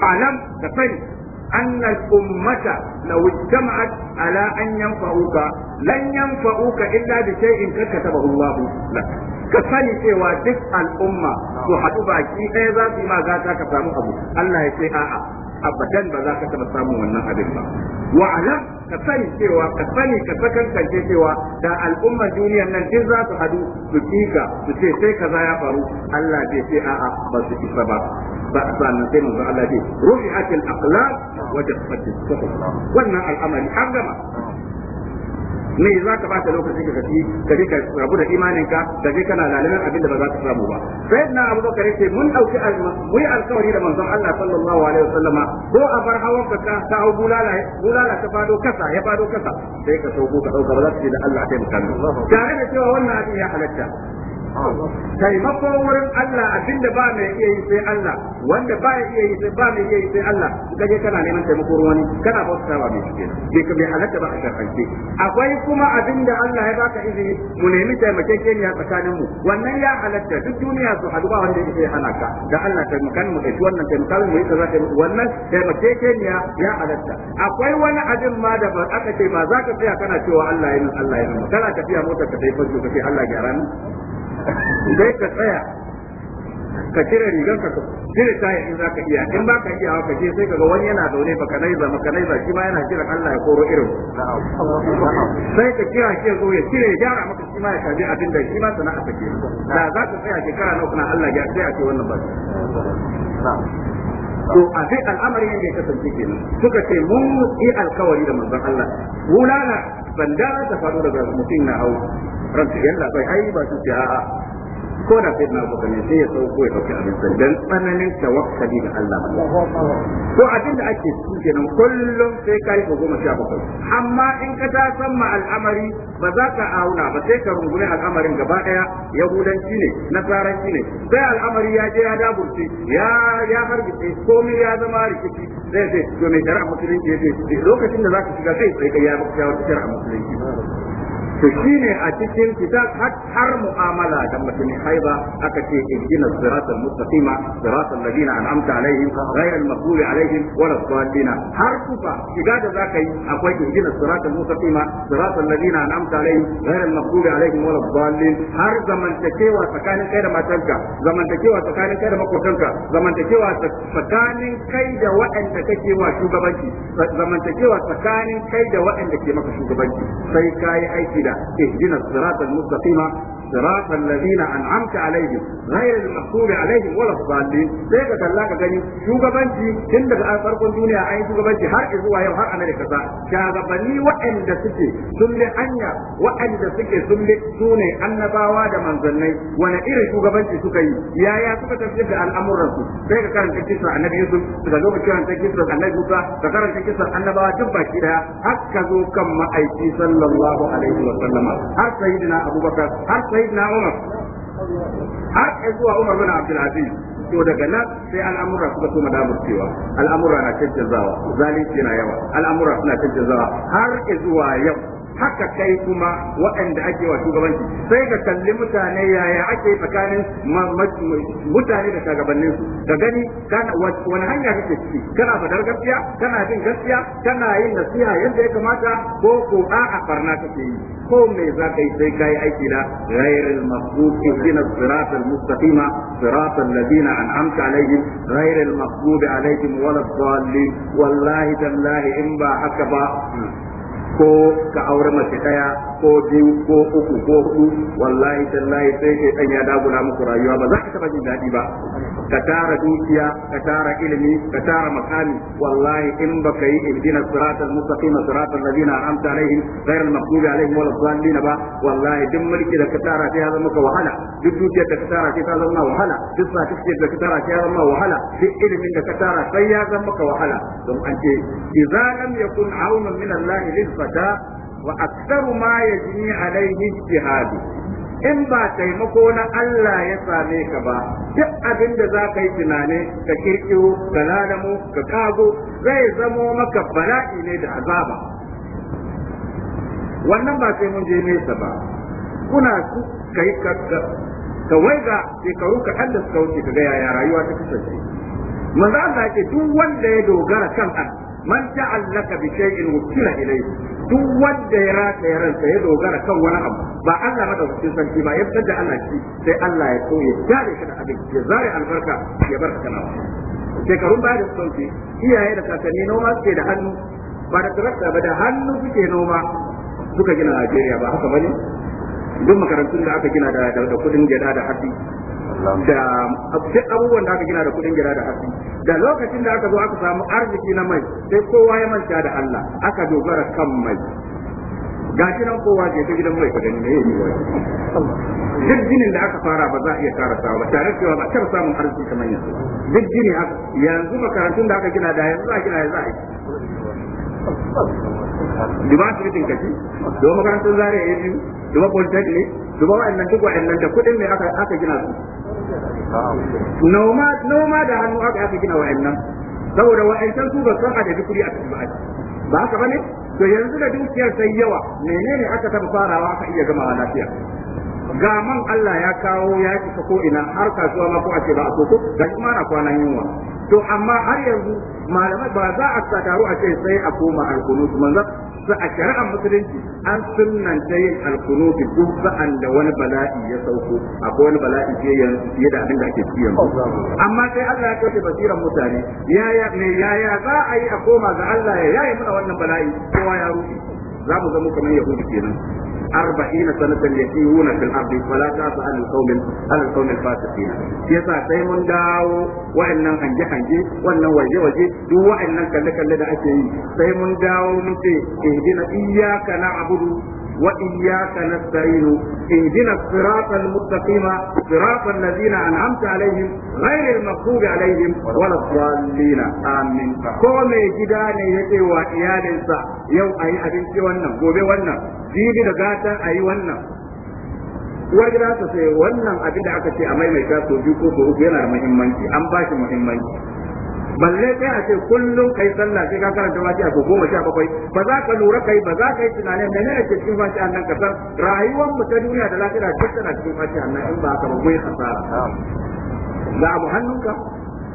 alam da sani أن الأمة لو اجتمعت على أن ينفعوك لن ينفعوك إلا بشيء قد كتبه الله لك كفاني سوى تسأل الأمة وحدو باكي إذا فيما ذاتا كفامو أبو الله يسيء abadan ba za ka taba samun wannan abin ba wa alam ka sani cewa ka sani ka sakan cewa da al'ummar duniyar nan duk za su hadu su kika su ce sai kaza ya faru Allah bai ce a'a ba su isa ba ba sanin sai manzo Allah ce rufi'atil aqlab wa jaffatis wannan al'amari har gama me za ka bata lokaci ka tafi ka je ka rabu da imanin ka ka je kana lalimin abin da ba za ka samu ba sai na Abu Bakar ce mun dauki muyi alkawari da manzon Allah sallallahu alaihi wasallama ko a bar hawan ka ka ta hau bulala bulala ta fado kasa ya fado kasa sai ka sauko ka dauka ba za ka ce da Allah taimaka tare da cewa wannan abin ya halatta kai wurin Allah abinda ba mai iya yi sai Allah wanda ba mai iya yi sai ba mai iya yi sai Allah ka je kana neman taimako wani kana ba ba mai shi je ka mai halatta ba a shar'ance akwai kuma abinda Allah ya baka izini mu nemi a tsakanin mu wannan ya halatta duk duniya su haduwa wanda yake hana ka da Allah taimakan mu kai wannan taimakan mu yadda za ta wannan ne ya halatta akwai wani abin ma da ba aka ce ba za ka tsaya kana cewa Allah ya Allah ya kana tafiya motar ka sai farko kace Allah ya ni sai ka tsaya ka cire rigar ka cire yi za ka iya in ba ka iya ka je sai kaga wani yana zaune baka naiza maka naiza shi ma yana kiran Allah ya koro irin sai ka kira shi zo ya cire ya gyara maka shi ma ya kaji abin da shi ma sana'a take da za ka tsaya shekara na kana Allah ya tsaya ce wannan ba to a sai al'amari ne ya kasance kenan suka ce mun yi alkawari da manzon Allah wulana banda ta faru daga mutum na hawo ranka yalla bai ai ba su ce a'a ko da sai na kuka ne sai ya ko ya dauki abin san dan tsananin tawakkali da Allah ko abin da ake su kenan kullum sai kai ko goma sha bakwai amma in ka ta san ma al'amari ba za ka auna ba sai ka rungume al'amarin gaba daya yahudanci ne nasaranci ne sai al'amari ya je ya daburce ya ya harbice komai ya zama rikici zai ce to me shari'a musulunci yace lokacin da za ka shiga kai sai kai ya baka shari'a musulunci to shine a cikin kitab har mu'amala da mutumin haiba aka ce ihdina siratal mustaqima siratal ladina an'amta alaihim ghayril maghdubi alaihim waladdallin har kufa shiga da zaka yi akwai ihdina siratal mustaqima siratal ladina an'amta alaihim ghayril maghdubi alaihim waladdallin har zamantakewa tsakanin kai da matanka zamantakewa tsakanin kai da makotanka zamantakewa tsakanin kai da waɗanda kake wa shugabanci zamantakewa tsakanin kai da waɗanda ke maka shugabanci sai kai aiki da اهدنا الصراط المستقيم صراط الذين انعمت عليهم غير المغضوب عليهم ولا الضالين sai ka kalla ka gani shugabanci tun daga farkon duniya an yi shugabanci har zuwa yau har Amerika sa shugabanni waɗanda suke sun bi hanya waɗanda suke sun bi sune annabawa da manzannai wani irin shugabanci suka yi yaya suka tafi da al'amuran su sai ka karanta kisan annabi Yusuf daga zo ka karanta kisan annabi Musa ka karanta kisan annabawa duk baki daya har ka zo kan ma'aiki sallallahu alaihi wa sallama har sayyidina Abubakar har sayyidina Umar har zuwa Umar bin Abdul Aziz to daga nan sai al'amura suka so madamar cewa al'amura na cancanzawa zalunci na yawa al'amura suna cancanzawa har zuwa yau haka kai kuma waɗanda ake wa shugabanci sai ka kalli mutane yaya ake tsakanin mutane da shugabannin su ka gani wani hanya kake ciki kana fadar gaskiya kana bin gaskiya kana yin nasiha yadda ya kamata ko ko a'a barna kake yi ko me za ka yi sai kai aiki da ghairil maghdubi ihdina siratal mustaqima siratal ladina an'amta alaihim ghairil maghdubi alaihim waladdallin wallahi tallahi in ba haka ba hmm. ko ka aure mace daya ko biyu ko uku ko hudu wallahi tallahi sai kai dan ya dagula muku rayuwa ba za ka taba jin daɗi ba ka tara dukiya ka tara ilimi ka tara makami wallahi in ba baka yi ihdina siratal mustaqim siratal ladina an'amta alaihim ghayril maghdubi alaihim waladdallin ba wallahi duk mulki da ka tara sai ya zama maka wahala duk dukiyar da ka tara sai ta zama wahala duk satifiket da ka tara sai ya zama wahala duk ilimin da ka tara sai ya zama maka wahala don an ce idza lam yakun auna min Allah lil fata wa aksaru ma yajni alaihi jihadi, in ba taimako na Allah ya same ka ba duk abin da za ka yi tunani ka kirkiro ka lalamu ka kago zai zamo maka bala'i ne da azaba wannan ba sai mun je nesa ba kuna su kai ka waiga shekaru kaɗan da suka wuce ka ga yaya rayuwa ta kasance manzo Allah ce duk wanda ya dogara kan man ta'allaka bi shay'in wukila ilayhi duk wanda ya rata ya ransa ya dogara kan wani abu ba Allah madaukakin sarki ba ya fitar da Allah ki, sai Allah ya so ya jare shi da abin ya zare albarka ya bar ka nawa shekarun baya da sauki iyaye da kakanni noma suke da hannu ba da tarakta ba da hannu suke noma suka gina Najeriya ba haka bane duk makarantun da aka gina da kudin gida da hatsi da duk abubuwan da aka gina da kudin gida da da lokacin da aka zo aka samu arziki na mai sai kowa ya manta da Allah aka dogara kan mai gashi nan kowa je ta gidan mai kudin ne yi wani duk ginin da aka fara ba za a iya kara sawa ba tare cewa ba kar samun arziki kamar yanzu duk gini yanzu makarantun da aka gina da yanzu za a gina yanzu a yi duba asibitin kashi duba makarantun zaria ya biyu duba polytechnic duba wa'annan duk wa'annan da kuɗin ne aka gina su noma da hannu aka aka gina wa'annan saboda wa'ancan su ba san adadi kuɗi a cikin ba'aji ba haka bane to yanzu da dukiyar sai yawa menene aka taba farawa aka iya gama lafiya ga man Allah ya kawo ya cika ko ina har kasuwa ma ko a ce ba a soko ga shi mara kwanan yunwa to amma har yanzu malamai ba za a taru a ce sai a koma alkunut manzon sa a shari'ar musulunci an sunnanta yin alkunuti duk sa'an da wani bala'i ya sauko akwai wani bala'i ke yanzu fiye da abin da ake ci yanzu amma sai Allah ya kauce basiran mutane yaya me yaya za a yi a koma ga Allah ya yaye mana wannan bala'i kowa ya rufe za mu zama kamar yahudu kenan arba'in sanatan yasihuna fil ardi wala ta'sa al qawmin al qawmin fasiqina yasa sai mun dawo wa'annan hanje hange wannan waje waje duk wa'annan kalle kalle da ake yi sai mun dawo mun ce ihdina iyyaka na'budu وإياك نستعين اهدنا الصراط المستقيم صراط الذين أنعمت عليهم غير المغضوب عليهم ولا الضالين آمين كومي جداني يتي وإيال يو أي أبنتي ونم gobe wannan jibi da gata a yi wannan uwar ta sai wannan abin da aka ce a maimaita sau biyu ko sau yana da muhimmanci an ba shi muhimmanci balle kai a ce kullum kai sallah sai ka karanta fatiha ko goma sha bakwai ba za ka lura kai ba za ka yi tunanin menene ke cikin fatiha nan ka san rayuwar mu ta duniya da lafiya duk tana cikin fatiha nan in ba ka ba goyi hasara za mu hannunka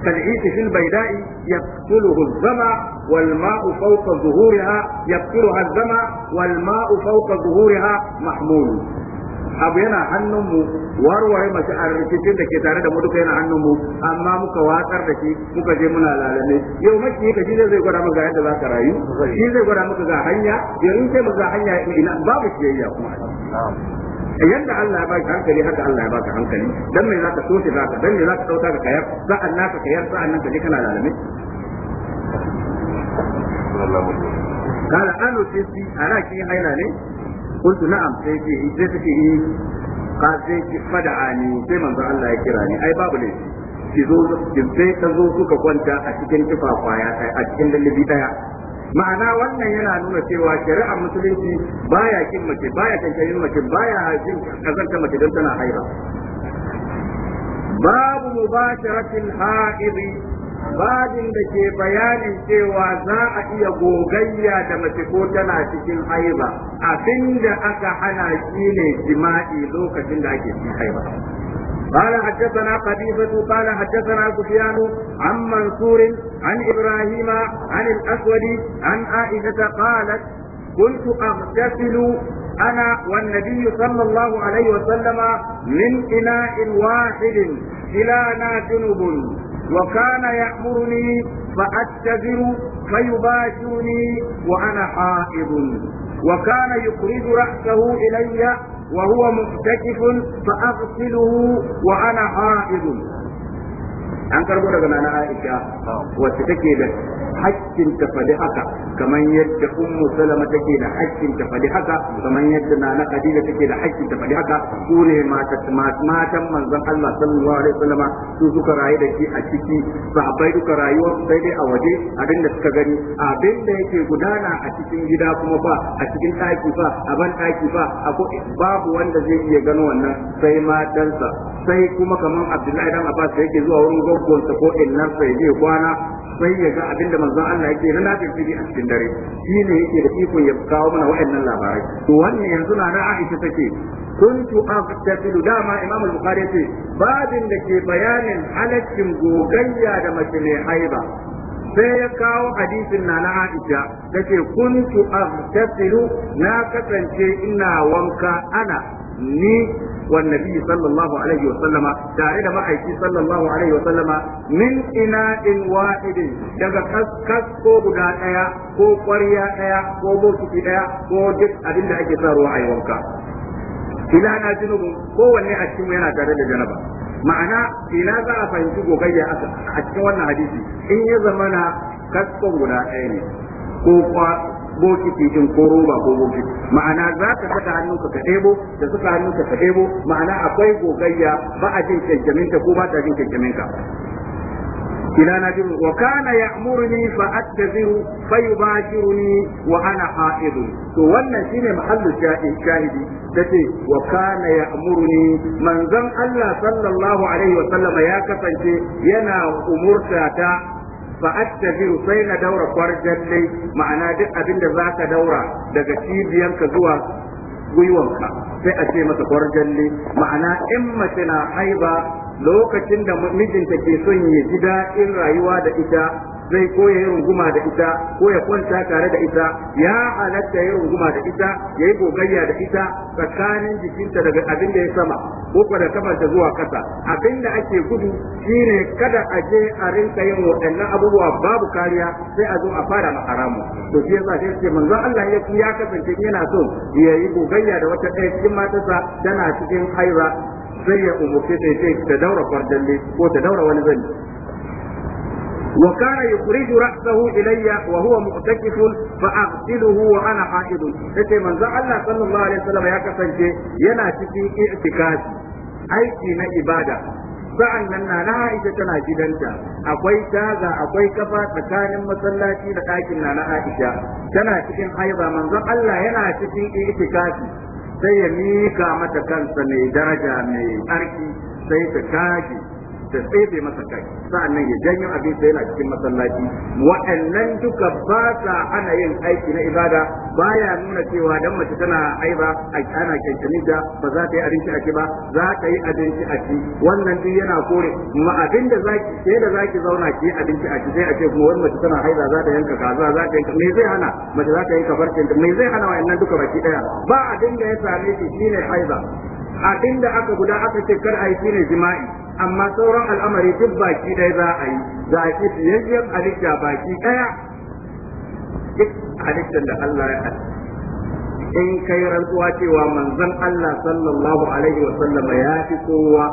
كالعيش في البيداء يقتله الظمأ والماء فوق ظهورها يقتلها الظمأ والماء فوق ظهورها محمول abu yana hannunmu warware mace a rikicin da ke tare da mu duka yana hannunmu amma muka watsar da shi muka je muna lalame yau maki ka shi zai gwada maka yadda za ka rayu shi zai gwada maka ga hanya yanzu sai maka ga hanya ina babu kiyayya kuma yadda Allah ya ka hankali haka Allah ya baka hankali dan me zaka so shi zaka dan me zaka dauka ka kayar sa'an ka kayar sa'an nan ka je kana lalame قال أنا تسي أنا كي حيلا ليه قلت نعم sai في sai take yi ka sai ki fada'ani sai manzo Allah ya kira ni ai babu ne ki zo ki sai ka zo suka kwanta a cikin a cikin lallabi daya ma'ana wannan yana nuna cewa shari'a musulunci baya kin mace baya kankanin mace baya hajin kazanta mace don tana haira babu mubasharatil ha'idi babin da ke bayanin cewa za a iya gogayya da mace ko tana cikin haiba abinda aka hana shi ne jima'i lokacin da ake cikin haiba قال حدثنا قبيبة قال حدثنا سفيان عن منصور عن إبراهيم عن الأسود عن عائشة قالت كنت أغتسل أنا والنبي صلى الله عليه وسلم من إناء واحد إلى جنب وكان يأمرني فأتذر فيباشرني وأنا حائض وكان يقرض رأسه إلي وهو محتكف فأغسله وأنا حائض an karbo daga nana Aisha wacce take da haƙƙin ta faɗi haka kamar yadda ummu salama take da haƙƙin ta faɗi haka kamar yadda nana Khadija take da haƙƙin ta faɗi haka su ne matan manzon Allah sallallahu alaihi wasallam su suka rayu da shi a ciki sahabbai duka rayuwa sai dai a waje abin da suka gani abin da yake gudana a cikin gida kuma ba a cikin ɗaki fa a ban ɗaki fa babu wanda zai iya gano wannan sai matansa sai kuma kamar Abdullahi dan Abbas yake zuwa wurin goggonsa ko illarsa ya je kwana sai ya ga abin da manzon Allah yake na nafin fili a cikin dare shi ne yake da ikon ya kawo mana waɗannan labarai to wannan yanzu na na Aisha take kuntu aftafilu dama Imam Bukhari yace babin da ke bayanin halaccin gogayya da mace mai haiba sai ya kawo hadisin na na Aisha take kuntu aftafilu na kasance ina wanka ana ni والنبي صلى الله عليه وسلم تعالى ما أيتي صلى الله عليه وسلم من إناء واحد daga kaskas guda ɗaya ko ƙwarya ɗaya ko bokiti ɗaya ko duk abin da ake sa a yi wanka ila na kowanne a cikin yana tare da janaba ma'ana ina za a fahimci gogayya a cikin wannan hadisi in ya zamana kaskon guda ɗaya ne ko bokiti din ko roba ko bokiti ma'ana za ka saka hannunka ka ɗebo da saka hannunka ka ɗebo ma'ana akwai gogayya ba a jin kyankyamin ko ba ta jin kyankyamin ka ila na jiru wa kana ya'muruni fa attaziru fa yubashiruni wa ana ha'idu to wannan shine mahallu shahidi tace wa kana ya'muruni manzon Allah sallallahu alaihi wa sallama ya kasance yana umurta ta fa sai na daura kwarjalle ma'ana duk abin da zaka daura daga cibiyanka zuwa gwiwanka sai a ce masa kwarjalle ma'ana in mace na haiba lokacin da mijinta ke son ya ji daɗin rayuwa da ita zai koya ya yi runguma da ita ko ya kwanta tare da ita ya halatta ya runguma da ita ya yi gogayya da ita tsakanin jikinta daga abin da ya sama ko da zuwa kasa abin da ake gudu shine kada a je a rinka yin waɗannan abubuwa babu kariya sai a zo a fara maharamu. haramu to shi yasa sai ce manzon Allah ya ya kasance yana so ya yi gogayya da wata ɗaya cikin matarsa tana cikin haira sai ya umurce ta ce ta daura fardalle ko ta daura wani zani وكان يخرج رأسه إلي وهو معتكف فأغسله وأنا حائض يتي من الله صلى الله عليه وسلم يكسن سنجي ينا cikin اعتكافي aiki na ibada sa'an nan na Aisha tana gidanta akwai taza akwai kafa tsakanin masallaci da ɗakin na Aisha tana cikin haiba manzon Allah yana cikin itikafi sai ya mika mata kansa mai daraja mai arki sai ta kage ta tsefe masa kai nan ya janyo abin da yana cikin masallaci wa'annan duka ba sa ana yin aiki na ibada baya nuna cewa dan mace tana aiba ana kyankyani da ba za ta yi abinci a ci ba za ta yi abinci a ci wannan duk yana kore kuma abin da zaki sai da zaki zauna ki abinci a ci sai a ce kuma wani mace tana haiza za ta yanka kaza za ta yanka me zai hana mace za ta yanka farcin me zai hana wa'annan duka baki daya ba abin da ya same shi shine haiza A inda aka guda aka ce kar a yi shine jima'i amma sauran al'amari duk baki ɗaya za a yi za a yi fiyayyen halitta baki ɗaya duk halittar da Allah ya in kai rantsuwa cewa manzon Allah sallallahu alaihi wa sallama ya fi kowa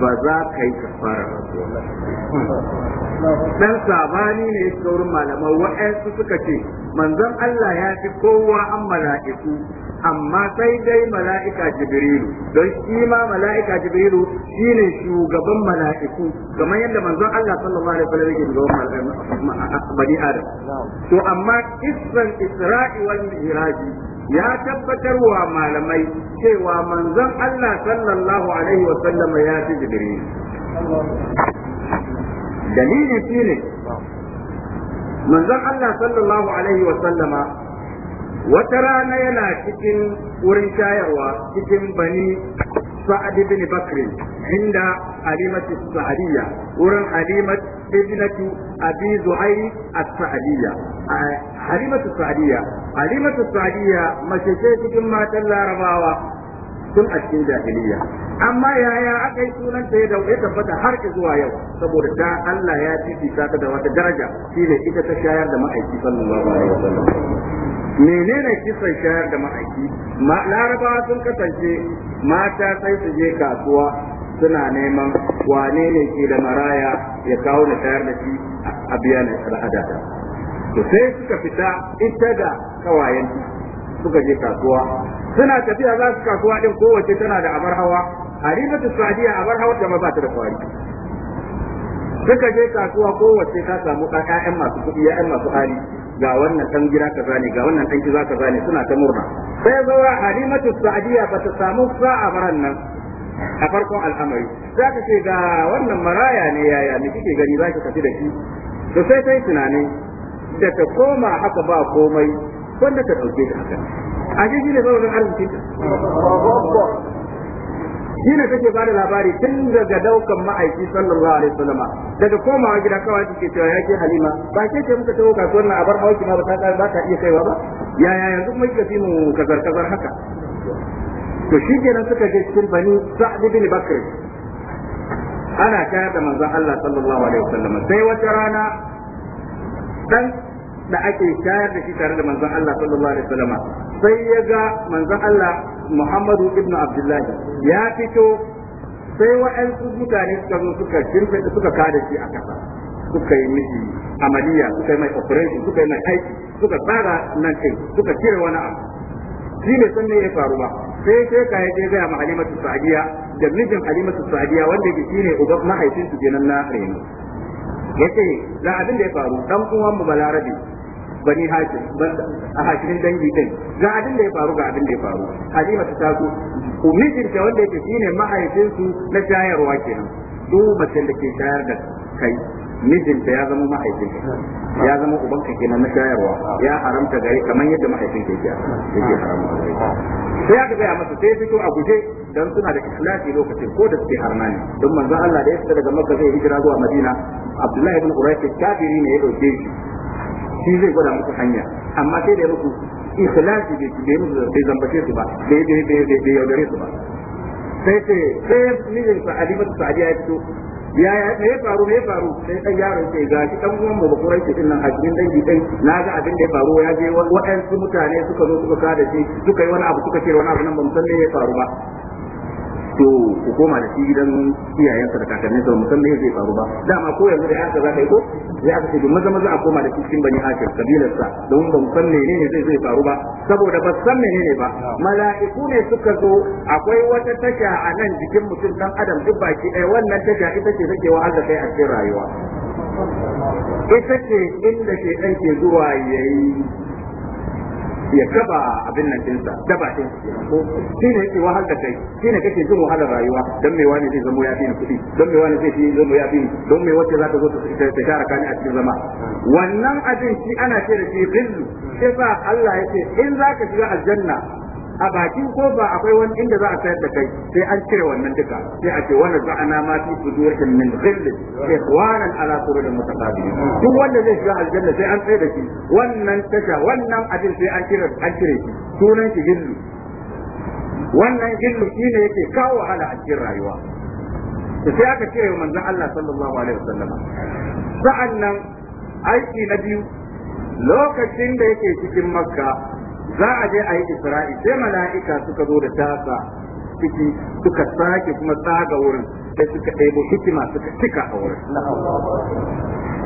ba za ka yi kafara dan sabani ne saurin malamai, wa'ansu suka ce manzon Allah ya fi kowa an mala'iku amma sai dai mala'ika jibrilu don shi ma mala'ika jibrilu shine shugaban mala'iku kamar yadda manzon Allah sallallahu alaihi wasallam yake shugaban bani adam to amma kissan isra'i wal mi'raji ya tabbatarwa malamai cewa manzon Allah sallallahu alaihi wa sallama ya fi jibril dalili shine manzon Allah sallallahu alaihi wa sallama wata rana yana cikin wurin shayarwa cikin bani sa'ad ibn bakri inda alimatu sa'adiyya wurin halimat ibnatu abi zuhair as-sa'adiyya alimatu sa'adiyya halimatu sa'diya mace ce cikin matan larabawa tun a cikin jahiliya amma yaya aka yi sunan ta da ya tabbata har zuwa yau saboda da Allah ya fifita ta da wata daraja shine ita ta shayar da ma'aiki sallallahu alaihi wasallam menene kisan shayar da ma'aiki larabawa sun kasance mata sai su je kasuwa suna neman wane ne ke da maraya ya kawo da shayar da shi a biya na to sai suka fita ita da kawayen suka je kasuwa suna tafiya za su kasuwa din kowace tana da abar hawa harimatu sadiya abar hawa ta ba ta da kwari suka je kasuwa kowace ta samu ƴaƴan masu kuɗi ƴaƴan masu hali ga wannan ɗan gida kaza ne ga wannan ɗan gida kaza ne suna ta murna sai zaura harimatu sadiya ba ta samu sa'a baran nan a farkon al'amari za ka ce ga wannan maraya ne yaya ne kike gani za ki tafi da shi to sai sai tunanin da ta koma haka ba komai wanda ta dauke da haka a ji shi ne sauran arzikin ta shi ne take bada labari tun daga daukan ma'aiki sallallahu alaihi wasallama daga komawa gida kawai take cewa ya ke halima ba ke ce muka tawo kasuwar na abar hauki ma ba ta ba ta iya kaiwa ba yaya yanzu kuma kika fi mu kazar kazar haka to shi kenan suka je cikin bani sa'd bin bakr ana tare da manzon Allah sallallahu alaihi wasallama sai wata rana dan da ake shayar da shi tare da manzon Allah sallallahu alaihi wasallam sai ya ga manzon Allah Muhammadu ibnu Abdullahi ya fito sai waɗansu mutane suka zo suka shirfe suka kada shi a kasa suka yi miji amaliya suka yi mai operation suka yi mai aiki suka tsara nan ɗin suka cire wani abu shi ne san me ya faru ba sai sai ka je ga ma Halimatu Sa'diya da mijin Halimatu Sa'diya wanda ke shine uban mahaifin su kenan na reno yace da abin da ya faru dan uwan mu Balarabe bani hashim a hakimin dangi din ga abin da ya faru ga abin da ya faru halima ta taso umijin ta wanda yake shine mahaifinsu na shayarwa kenan duk macen da ke shayar da kai mijinta ya zama mahaifinka ya zama uban ka kenan na shayarwa ya haramta gare kamar yadda mahaifinka ya yake haramta gare sai aka gaya masa sai fito a guje dan suna da ikhlasi lokacin ko da suke harna ne don manzo Allah da ya fita daga Makka zai hijira zuwa Madina Abdullahi ibn Quraysh kafiri ne ya dauke shi shi zai gwada muku hanya amma sai da muku ikhlasi da bai muku bai zambace su ba bai bai yaudare su ba sai ce sai da sa alimatu sa'adiya ya fito ya ya me ya faru me ya faru sai dan yaron ce ga shi dan uwan babu kurai ke dinnan a cikin dangi dai na ga abin da ya faru ya je wa'ansu mutane suka zo suka kada shi suka yi wani abu suka ce wani abu nan ba mu san me ya faru ba to ku koma da shi gidan iyayensa da kakannin sa musan me zai faru ba dama ko yanzu da yanka za ka yi ko ya aka ce maza maza a koma da cikin bani hashim kabilar sa don ban san menene zai zai faru ba saboda ba san menene ba mala'iku ne suka zo akwai wata tasha a nan jikin mutum dan adam duk baki ɗaya wannan tasha ita ce take wahal da kai a cikin rayuwa ita ce inda ke ke zuwa yayi ya kafa abin nan dinsa daba din ko shine yake wahal da kai shine kake jin wahalar rayuwa dan me wani zai zama ya fi ni kuɗi dan mai wani zai zama ya fi ni don mai wacce za ta zo ta tara kani a cikin zama wannan abin shi ana ce da shi ghillu sai fa Allah yake in zaka shiga aljanna a bakin kofa akwai wani inda za a sayar da kai sai an cire wannan duka sai a ce wanda za a nama fi sudurihim min ghill ikhwanan ala surulil mutaqabilin duk wanda zai shiga aljanna sai an tsaya da shi wannan tasha wannan abin sai an cire an cire shi sunan shi gillu wannan gillu shine yake kawo wahala a cikin rayuwa sai aka cire manzon Allah sallallahu alaihi wasallam sa'annan aiki na biyu lokacin da yake cikin makka za a je a yi isra'i sai mala'ika suka zo da tasa ciki suka sake kuma tsaga wurin sai suka ɗebo hikima suka cika a wurin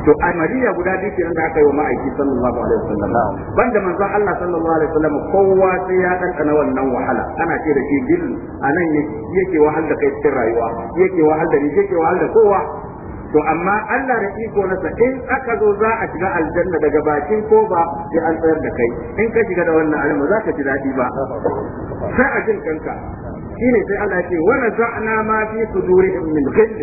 to a mariya guda biyu kenan da aka yi wa ma'aiki sallallahu alaihi wasallam banda manzon Allah sallallahu alaihi wasallam kowa sai ya na wannan wahala ana ce da shi gil anan yake wahal da kai cikin rayuwa yake wahal da ni yake wahal da kowa to amma Allah da iko nasa in aka zo za a shiga aljanna daga bakin ko ba sai an tsayar da kai in ka shiga da wannan alimu za ka ji daɗi ba sai a jin kanka shine sai Allah ya ce wa naza'na ma fi sudurihim min ghill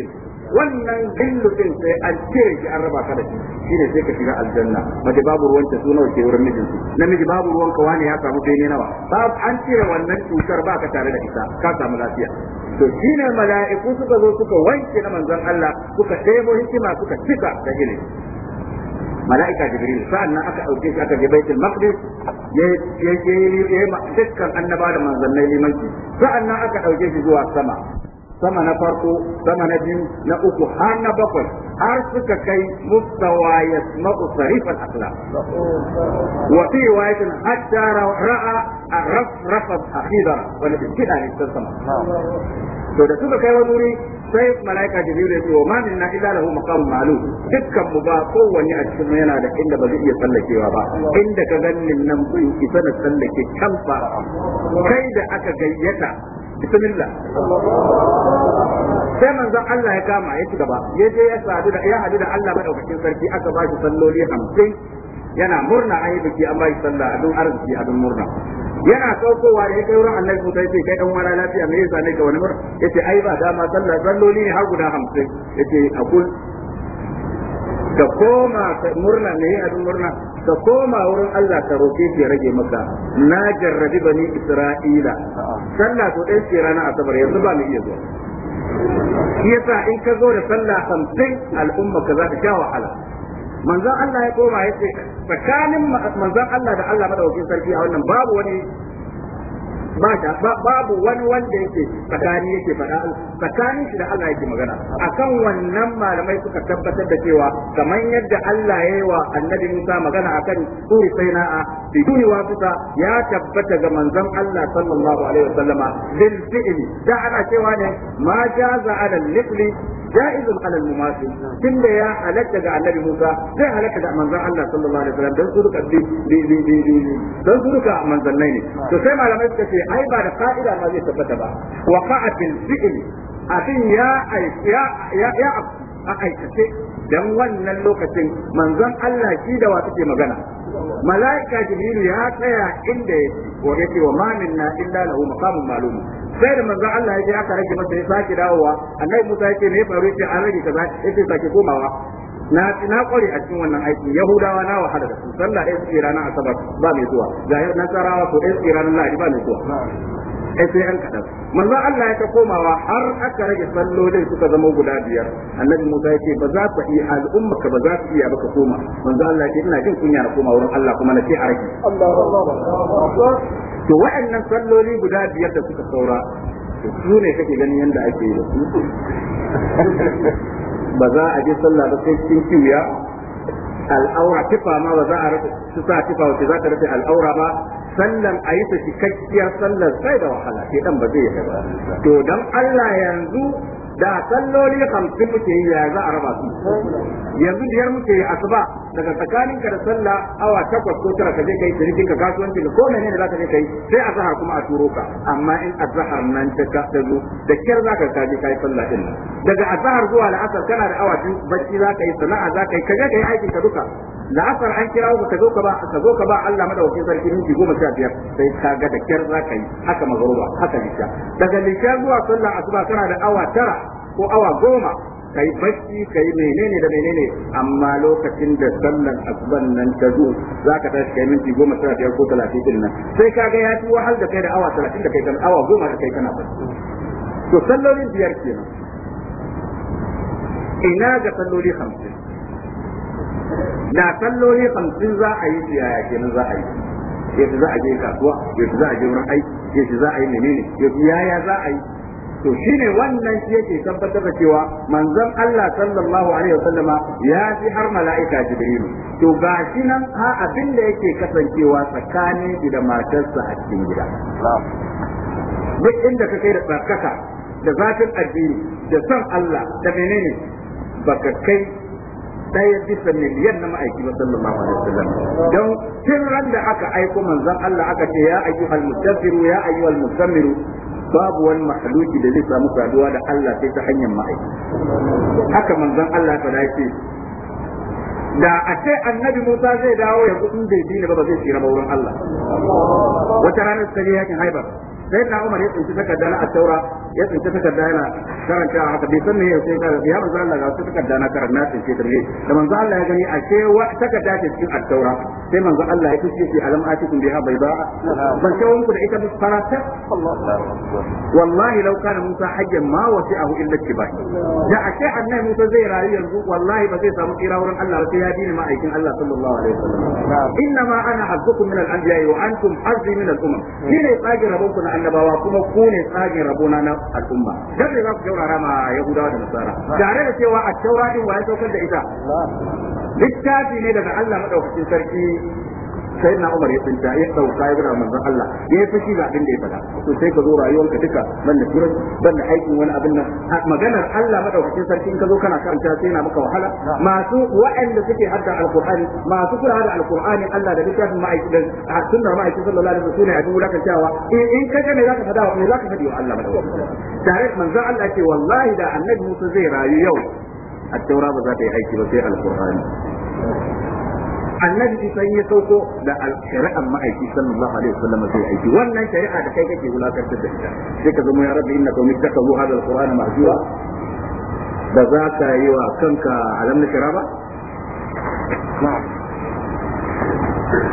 wannan ghill din sai an cire shi an raba ka da shi shine sai ka shiga aljanna mace babu ruwan ta sunawa ke wurin mijin su namiji babu ruwan ka wani ya samu bene nawa babu an cire wannan cutar ba ka tare da ita ka samu lafiya to shine mala'iku suka zo suka wanke na manzon Allah kuka ɗebo hikima kuka cika da ilimi mala'ika jibril sa'annan aka dauke shi aka je baitul maqdis ya ya ya dukkan annaba da manzannai limanci sa'annan aka dauke shi zuwa sama sama na farko sama na biyu na uku har na bakwai har suka kai mustawa ya ma'u sarifan akla wa fi riwayatin hatta ra'a rafrafa akhidar wani kida ne sun sama to da suka kai wani sai malaika jibril da ce wa ma minna illa lahu maqamun ma'lum dukkan mu ba kowanne a cikin yana da inda ba zai iya sallakewa ba inda ka gannin nan bai isa na sallake can fara kai da aka gayyata bismillah sai manzon Allah ya kama ya ci gaba ya je ya sadu da ya hadu da Allah madaukakin sarki aka ba shi salloli 50 yana murna an yi biki an ba shi sallah abin arziki abin murna yana saukowa da ya kai wurin annabi sai ce kai dan wala lafiya me yasa ne ka wani murna yace ai ba dama sallah salloli ne har guda 50 yace akul ka koma ka murna ne abin murna ka koma wurin Allah ka roke shi rage maka na jarrabi bani Isra'ila sallah to dai ce ranar asabar yanzu ba mu iya zuwa shi yasa in ka zo da sallah hamsin al'umma ka za ta sha wahala manzon Allah ya koma ya ce tsakanin manzon Allah da Allah madaukakin sarki a wannan babu wani babu wani wanda yake tsakani yake faɗa tsakanin shi da Allah yake magana akan wannan malamai suka tabbatar da cewa kamar yadda Allah ya yi wa annabi Musa magana akan turi saina'a biduni wasuta ya tabbata ga manzon Allah sallallahu alaihi wasallama bil fi'li da ana cewa ne ma jaza ala al-lifli jaizun ala al-mumasil ya halatta ga annabi Musa zai halatta ga manzon Allah sallallahu alaihi wasallam dan su duka bi dan su duka ne to sai malamai suka ce ai ba da fa'ida ma zai tabbata ba wa fa'atil fi'l abin ya ya ya a aikace dan wannan lokacin manzon Allah shi da wa take magana mala'ika jibril ya tsaya inda yake wa yake wa ma minna illa lahu maqamun ma'lum sai da manzon Allah ya ce aka rage masa ya sake dawowa annabi Musa yake ne faru yake an rage kaza yake sake komawa na na kware a cikin wannan aiki yahudawa na wahala da su sallah ɗaya suke ranar asabar ba mai zuwa ga nasarawa ko ɗaya suke ranar lahadi ba mai zuwa ai sai an kaɗan manzo Allah ya ta komawa har aka rage sallolin suka zama guda biyar annabi Musa ya ce ba za ku iya al'umma ka ba za ku iya ba ka koma manzo Allah ya ce ina jin kunya na koma wurin Allah kuma na ce a rage to wa'annan salloli guda biyar da suka saura su ne kake ganin yadda ake yi da su ba za a je sallah ba sai cikin kiwiya al'aura tifa ma ba za a rufe su sa tifa wace za ta rufe al'aura ba sallan a yi ta cikakkiyar sallar sai da wahala sai dan ba zai yi ba to dan Allah yanzu da salloli hamsin muke yi ya za a raba su yanzu biyar muke yi asuba daga tsakanin ka da sallah awa takwas ko tara ka je kai cinikin ka kasuwanci da ko menene za ka je kai sai a azhar kuma a turo ka amma in azhar nan ta ka da kyar za ka kaje kai sallah din daga azhar zuwa la'asar kana da awa biyu bacci za ka yi sana'a za ka yi ka je kai aikin ka duka da asar an kira ku ka zo ka ba ka zo ka ba Allah madaukakin sarki minti goma sha biyar sai ka ga da kyar za ka yi haka magaruba haka lisha daga lisha zuwa sallah asuba kana da awa tara ko awa goma kai bacci kai menene da menene amma lokacin da sallan asuban nan ta zo za ka tashi kai minti goma sha biyar ko talatin din nan sai ka ga ya ci wahal da kai da awa talatin da kai kan awa goma da kai kana bacci to sallolin biyar kenan ina ga salloli hamsin da salloli hamsin za a yi tiyaya yaya kenan za a yi ke za a je kasuwa ke za a je wurin aiki ke za a yi menene ke yaya za a yi to shine wannan shi yake tabbatar da cewa manzon Allah sallallahu alaihi wasallama ya fi har mala'ika Jibrilu to gashi nan ha abin da yake kasancewa tsakanin da matarsa a cikin gida duk inda ka kai da tsarkaka da zafin addini da son Allah da menene baka kai daya bisa miliyan na ma'aiki sallallahu alaihi wasallam don tun ran da aka aiko manzon Allah aka ce ya ayyuhal mudaffiru ya ayyuhal musammiru babu wani mahaluki da zai samu saduwa da Allah sai ta hanyar ma'aiki haka manzon Allah ta dace da a ce annabi Musa zai dawo ya kudin bai dina ba ba zai tsira ba wurin Allah wata ranar sai yakin haibar sai na umar ya tsinci takarda na attaura ya tsinci takarda yana karanta haka bai san me ya sai karanta ya manzo Allah ga su takarda na karanta na tsinci tarbe da manzo Allah ya gani a ashe wa takarda ce cikin attaura sai manzo Allah ya tushe shi alam atikum biha bayda ban ce wanku da ita bi farata wallahi law kana Musa hajjan ma wasi'ahu illa kibai da a ashe annabi Musa zai rayu yanzu wallahi ba zai samu tsira wurin Allah ba sai ya dini ma'aikin Allah sallallahu alaihi wasallam inna ma ana hazzukum min al-anbiya wa antum hazzi min al-umam ni ne tsage rabonku na annabawa kuma ku ne tsagin rabona na al'umma dan za ku jaurara ma yahudawa da nasara tare da cewa a taura din waye saukar da ita littafi ne daga Allah madaukakin sarki sai na Umar ya tsinta ya dauka ya gura manzon Allah ya yi fushi ga abin da ya faɗa to sai ka zo rayuwarka duka ban da turai ban da aikin wani abin nan maganar Allah madaukakin sarki in ka zo kana karanta sai na maka wahala masu wa'anda suke hadda alqur'ani masu kula da alqur'ani Allah da littafin ma'aikatan sunnar ma'aikatan sallallahu alaihi wasallam a cikin cewa, eh, in ka ga me zaka faɗa me zaka faɗi wa Allah madaukakin tare manzon Allah ce wallahi da annabi Musa zai rayu yau a taura ba za ta yi aiki ba sai alqur'ani annabi isan ya sauko da shari'ar ma'aiki sallallahu alaihi wasallam zai aiki wannan shari'a da kai kake wulakantar da ita sai ka zama ya rabbi innaka mittakazu hadha alqur'ana mahjura da za ka yi wa kanka alam na shara ba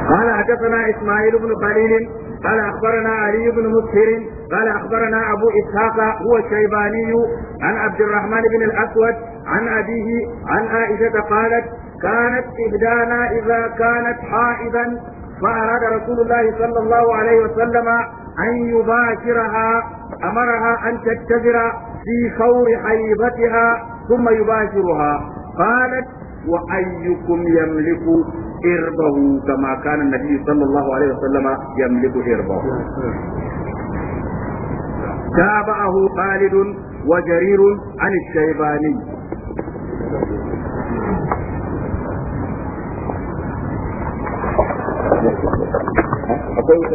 قال حدثنا اسماعيل بن خليل قال اخبرنا علي بن مسهر قال اخبرنا ابو اسحاق هو الشيباني عن عبد الرحمن بن الاسود عن ابيه عن عائشه قالت كانت إبدانا إذا كانت حائضا فأراد رسول الله صلى الله عليه وسلم أن يباشرها أمرها أن تتبر في خور حيضتها ثم يباشرها قالت وأيكم يملك إربه كما كان النبي صلى الله عليه وسلم يملك إربه تابعه خالد وجرير عن الشيباني da aka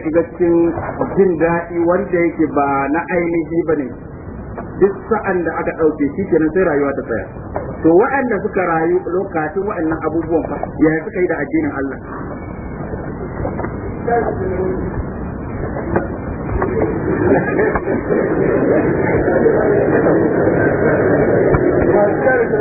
shiga cikin jin daɗi wanda yake ba na ainihi ba ne duk sa'an da aka ɗauke shi kenan sai rayuwa ta tsaya to waɗanda suka rayu lokacin waɗannan abubuwan fa ya suka yi da addinin Allah